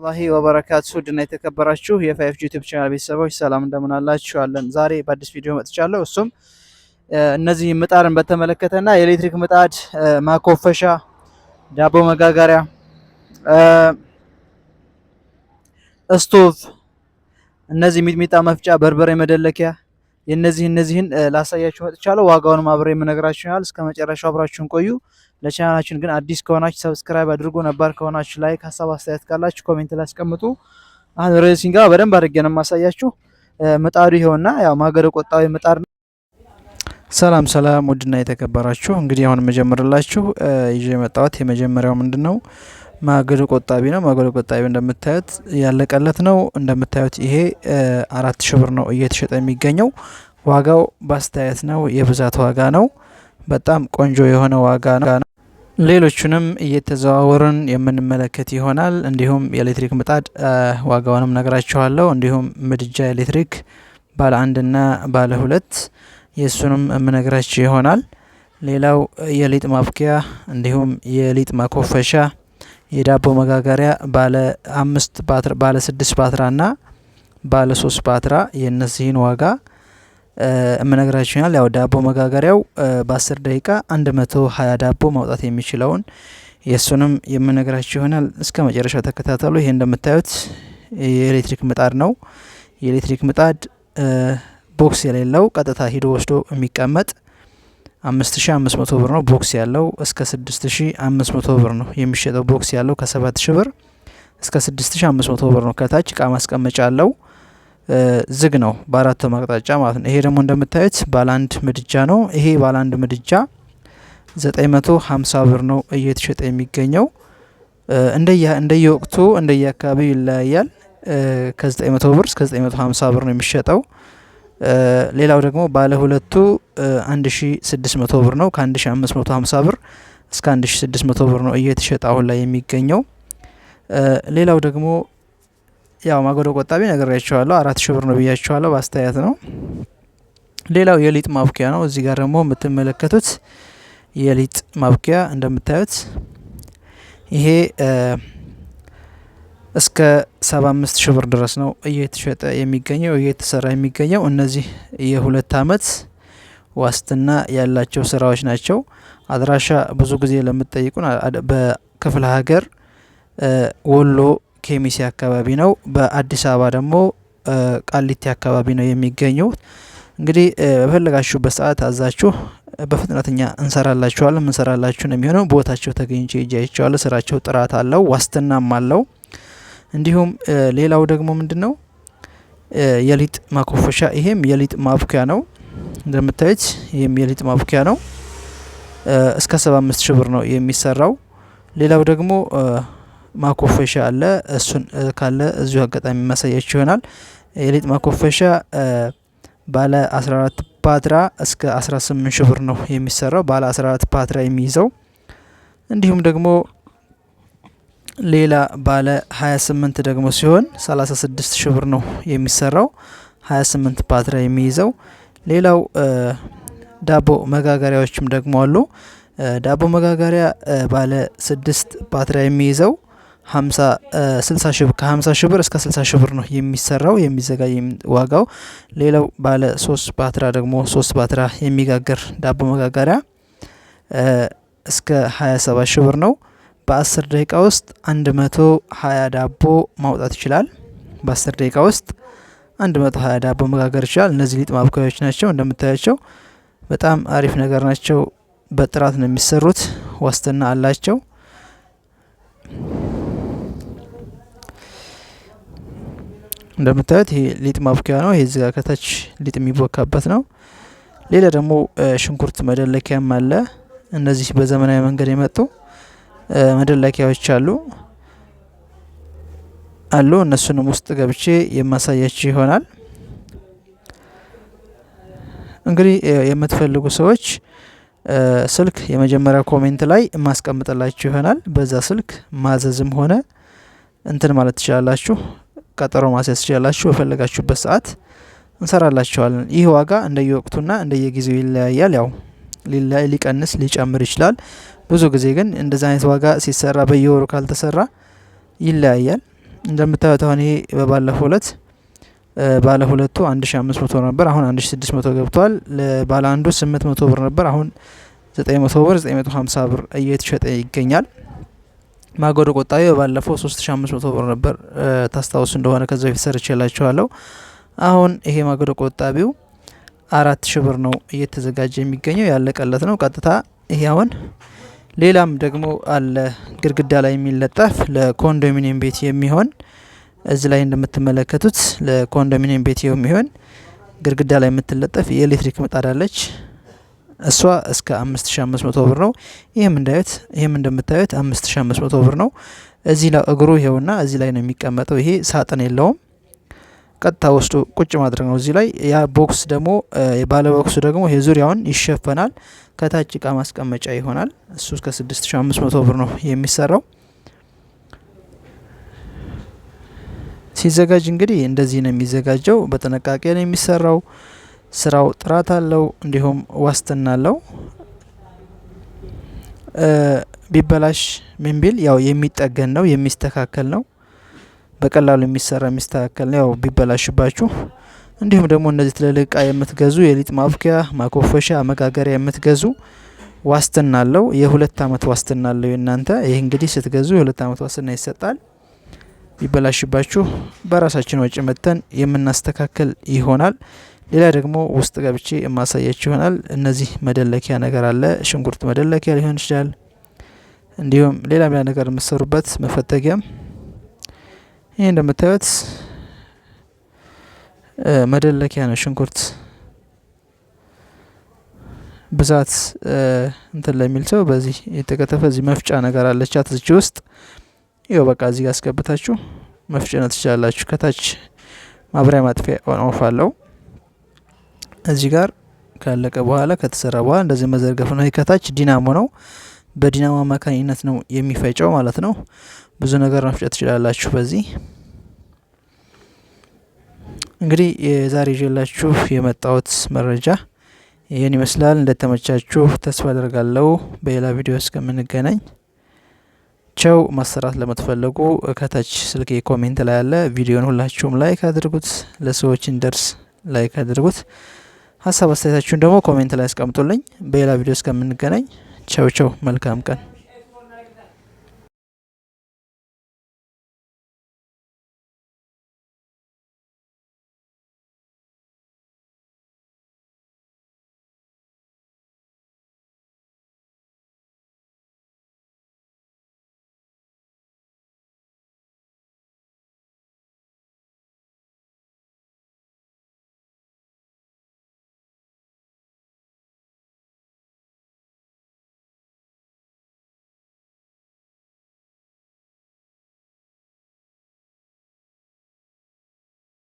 አላሂ ወበረካቱ ውድና የተከበራችሁ የፋይፍ ጂ ዩቲዩብ ቻናል ቤተሰቦች ሰላም እንደምን ዛሬ በአዲስ ቪዲዮ መጥቻለሁ። እሱም እነዚህ ምጣድን በተመለከተና የኤሌክትሪክ ምጣድ ማኮፈሻ፣ ዳቦ መጋገሪያ፣ ስቶቭ፣ እነዚህ ሚጥሚጣ መፍጫ፣ በርበሬ መደለኪያ የነዚህ እነዚህን ላሳያችሁ መጥቻለሁ። ዋጋውንም አብሬ የምነግራችሁ ይሆናል። እስከ መጨረሻው አብራችሁን ቆዩ። ለቻናላችን ግን አዲስ ከሆናችሁ ሰብስክራይብ አድርጎ፣ ነባር ከሆናችሁ ላይክ፣ ሀሳብ አስተያየት ካላችሁ ኮሜንት ላይ አስቀምጡ። አሁን ሬሲንግ ጋር በደንብ አድርጌ ነው የማሳያችሁ። ምጣዱ ይኸውና፣ ያው ማገዶ ቆጣቢ ምጣድ ነው። ሰላም ሰላም፣ ውድና የተከበራችሁ እንግዲህ አሁን መጀመርላችሁ ይዤ የመጣሁት የመጀመሪያው ምንድን ነው ማገዶ ቆጣቢ ነው። ማገዶ ቆጣቢ እንደምታዩት ያለቀለት ነው። እንደምታዩት ይሄ አራት ሺ ብር ነው እየተሸጠ የሚገኘው። ዋጋው በአስተያየት ነው፣ የብዛት ዋጋ ነው። በጣም ቆንጆ የሆነ ዋጋ ነው። ሌሎቹንም እየተዘዋወርን የምንመለከት ይሆናል። እንዲሁም የኤሌክትሪክ ምጣድ ዋጋውንም ነግራችኋለሁ። እንዲሁም ምድጃ ኤሌክትሪክ ባለ አንድና ባለ ሁለት የእሱንም የምነግራችሁ ይሆናል። ሌላው የሊጥ ማብኪያ እንዲሁም የሊጥ ማኮፈሻ የዳቦ መጋገሪያ ባለ አምስት ባትራ ባለ ስድስት ባትራ ና ባለ ሶስት ባትራ የእነዚህን ዋጋ እምነግራችሁ ይሆናል። ያው ዳቦ መጋገሪያው በአስር ደቂቃ አንድ መቶ ሀያ ዳቦ ማውጣት የሚችለውን የእሱንም የምነግራችሁ ይሆናል። እስከ መጨረሻ ተከታተሉ። ይሄ እንደምታዩት የኤሌክትሪክ ምጣድ ነው። የኤሌክትሪክ ምጣድ ቦክስ የሌለው ቀጥታ ሂዶ ወስዶ የሚቀመጥ 5500 ብር ነው። ቦክስ ያለው እስከ 6500 ብር ነው የሚሸጠው። ቦክስ ያለው ከ7000 ብር እስከ 6500 ብር ነው። ከታች እቃ ማስቀመጫ አለው። ዝግ ነው በአራቱ ማቅጣጫ ማለት ነው። ይሄ ደግሞ እንደምታዩት ባለአንድ ምድጃ ነው። ይሄ ባላንድ ምድጃ 950 ብር ነው እየተሸጠ የሚገኘው። እንደየወቅቱ እንደየአካባቢው ይለያያል። ከ900 ብር እስከ 950 ብር ነው የሚሸጠው። ሌላው ደግሞ ባለ ሁለቱ 1600 ብር ነው። ከ1550 ብር እስከ 1600 ብር ነው እየተሸጠ አሁን ላይ የሚገኘው። ሌላው ደግሞ ያው ማገዶ ቆጣቢ ነግሬያቸዋለሁ። አራት ሺ ብር ነው ብያቸዋለሁ በአስተያየት ነው። ሌላው የሊጥ ማብኪያ ነው። እዚህ ጋር ደግሞ የምትመለከቱት የሊጥ ማብኪያ እንደምታዩት ይሄ እስከ 75 ሺ ብር ድረስ ነው እየተሸጠ የሚገኘው እየተሰራ የሚገኘው። እነዚህ የሁለት አመት ዋስትና ያላቸው ስራዎች ናቸው። አድራሻ ብዙ ጊዜ ለምትጠይቁን በክፍለ ሀገር ወሎ ኬሚሴ አካባቢ ነው። በአዲስ አበባ ደግሞ ቃሊቲ አካባቢ ነው የሚገኘው። እንግዲህ በፈለጋችሁበት ሰዓት አዛችሁ በፍጥነትኛ እንሰራላችኋል። ምንሰራላችሁ ነው የሚሆነው። ቦታቸው ተገኝቼ እጃይቸዋለሁ። ስራቸው ጥራት አለው፣ ዋስትናም አለው። እንዲሁም ሌላው ደግሞ ምንድን ነው የሊጥ ማኮፈሻ። ይሄም የሊጥ ማቡኪያ ነው። እንደምታዩት ይህም የሊጥ ማቡኪያ ነው። እስከ 75 ሺህ ብር ነው የሚሰራው። ሌላው ደግሞ ማኮፈሻ አለ። እሱን ካለ እዚሁ አጋጣሚ ማሳያችሁ ይሆናል። የሊጥ ማኮፈሻ ባለ 14 ፓትራ እስከ 18 ሺህ ብር ነው የሚሰራው። ባለ 14 ፓትራ የሚይዘው እንዲሁም ደግሞ ሌላ ባለ 28 ደግሞ ሲሆን 36 ሺህ ብር ነው የሚሰራው 28 ፓትራ የሚይዘው። ሌላው ዳቦ መጋገሪያዎችም ደግሞ አሉ። ዳቦ መጋገሪያ ባለ 6 ፓትራ የሚይዘው 60 ሺህ ብር ከ50 ሺህ ብር እስከ 60 ሺህ ብር ነው የሚሰራው የሚዘጋጅ ዋጋው። ሌላው ባለ 3 ፓትራ ደግሞ 3 ፓትራ የሚጋገር ዳቦ መጋገሪያ እስከ 27 ሺህ ብር ነው። በ10 ደቂቃ ውስጥ 120 ዳቦ ማውጣት ይችላል። በ10 ደቂቃ ውስጥ 120 ዳቦ መጋገር ይችላል። እነዚህ ሊጥ ማብኮያዎች ናቸው። እንደምታያቸው በጣም አሪፍ ነገር ናቸው። በጥራት ነው የሚሰሩት፣ ዋስትና አላቸው። እንደምታዩት ይሄ ሊጥ ማብኪያ ነው። ይሄ ዚጋ ከታች ሊጥ የሚቦካበት ነው። ሌላ ደግሞ ሽንኩርት መደለኪያም አለ። እነዚህ በዘመናዊ መንገድ የመጡ መደላኪያዎች አሉ አሉ እነሱንም ውስጥ ገብቼ የማሳያችሁ ይሆናል። እንግዲህ የምትፈልጉ ሰዎች ስልክ የመጀመሪያ ኮሜንት ላይ የማስቀምጥላችሁ ይሆናል። በዛ ስልክ ማዘዝም ሆነ እንትን ማለት ትችላላችሁ፣ ቀጠሮ ማስያዝ ትችላላችሁ። በፈለጋችሁበት ሰዓት እንሰራላችኋለን። ይህ ዋጋ እንደየወቅቱና እንደየጊዜው ይለያያል። ያው ሊቀንስ ሊጨምር ይችላል። ብዙ ጊዜ ግን እንደዚህ አይነት ዋጋ ሲሰራ በየወሩ ካልተሰራ ይለያያል። እንደምታዩት አሁን ይሄ በባለፈው እለት ባለ ሁለቱ 1500 ነበር፣ አሁን 1600 ገብቷል። ባለ አንዱ 800 ብር ነበር፣ አሁን 900 ብር 950 ብር እየተሸጠ ይገኛል። ማገዶ ቆጣቢ በባለፈው 3500 ብር ነበር፣ ታስታውሱ እንደሆነ ከዛ በፊት ሰርቼላችኋለሁ። አሁን ይሄ ማገዶ ቆጣቢው አራት ሺ ብር ነው እየተዘጋጀ የሚገኘው ያለቀለት ነው። ቀጥታ ይሄ አሁን ሌላም ደግሞ አለ ግድግዳ ላይ የሚለጠፍ ለኮንዶሚኒየም ቤት የሚሆን እዚህ ላይ እንደምትመለከቱት ለኮንዶሚኒየም ቤት የሚሆን ግድግዳ ላይ የምትለጠፍ የኤሌክትሪክ ምጣድ አለች። እሷ እስከ 5500 ብር ነው። ይህም እንዳዩት ይህም እንደምታዩት 5500 ብር ነው። እዚህ ላይ እግሩ ይሄውና እዚህ ላይ ነው የሚቀመጠው። ይሄ ሳጥን የለውም። ቀጥታ ወስዶ ቁጭ ማድረግ ነው። እዚህ ላይ ያ ቦክስ ደግሞ ባለ ቦክሱ ደግሞ ይሄ ዙሪያውን ይሸፈናል። ከታች እቃ ማስቀመጫ ይሆናል። እሱ እስከ 6500 ብር ነው የሚሰራው። ሲዘጋጅ እንግዲህ እንደዚህ ነው የሚዘጋጀው። በጥንቃቄ ነው የሚሰራው። ስራው ጥራት አለው፣ እንዲሁም ዋስትና አለው። ቢበላሽ ምን ቢል ያው የሚጠገን ነው፣ የሚስተካከል ነው። በቀላሉ የሚሰራ የሚስተካከል ነው። ያው ቢበላሽባችሁ እንዲሁም ደግሞ እነዚህ ትልልቅ እቃ የምትገዙ የሊጥ ማፍኪያ፣ ማኮፈሻ፣ መጋገሪያ የምትገዙ ዋስትና አለው። የሁለት አመት ዋስትና አለው የእናንተ ይህ እንግዲህ ስትገዙ የሁለት አመት ዋስትና ይሰጣል። ቢበላሽባችሁ በራሳችን ወጪ መጥተን የምናስተካከል ይሆናል። ሌላ ደግሞ ውስጥ ገብቼ የማሳያችሁ ይሆናል። እነዚህ መደለኪያ ነገር አለ። ሽንኩርት መደለኪያ ሊሆን ይችላል። እንዲሁም ሌላ ሌላ ነገር የምትሰሩበት መፈተጊያም ይሄ እንደምታዩት መደለኪያ ነው። ሽንኩርት ብዛት እንትን ለሚል ሰው በዚህ የተከተፈ እዚህ መፍጫ ነገር አለቻት እዚች ውስጥ ይው በቃ እዚህ ጋር አስገብታችሁ መፍጨነት ትችላላችሁ። ከታች ማብሪያ ማጥፊያ ኦን ኦፍ አለው። እዚህ ጋር ካለቀ በኋላ ከተሰራ በኋላ እንደዚህ መዘርገፍ ነው። ከታች ዲናሞ ነው። በዲናሞ አማካኝነት ነው የሚፈጨው ማለት ነው። ብዙ ነገር መፍጨት ትችላላችሁ። በዚህ እንግዲህ የዛሬ ይዤላችሁ የመጣሁት መረጃ ይህን ይመስላል። እንደተመቻችሁ ተስፋ አደርጋለሁ። በሌላ ቪዲዮ እስከምንገናኝ ቸው። ማሰራት ለምትፈለጉ ከታች ስልክ ኮሜንት ላይ ያለ ቪዲዮን ሁላችሁም ላይክ አድርጉት፣ ለሰዎች ደርስ ላይክ አድርጉት። ሀሳብ አስተያየታችሁን ደግሞ ኮሜንት ላይ አስቀምጡልኝ። በሌላ ቪዲዮ እስከምንገናኝ ቸው ቸው። መልካም ቀን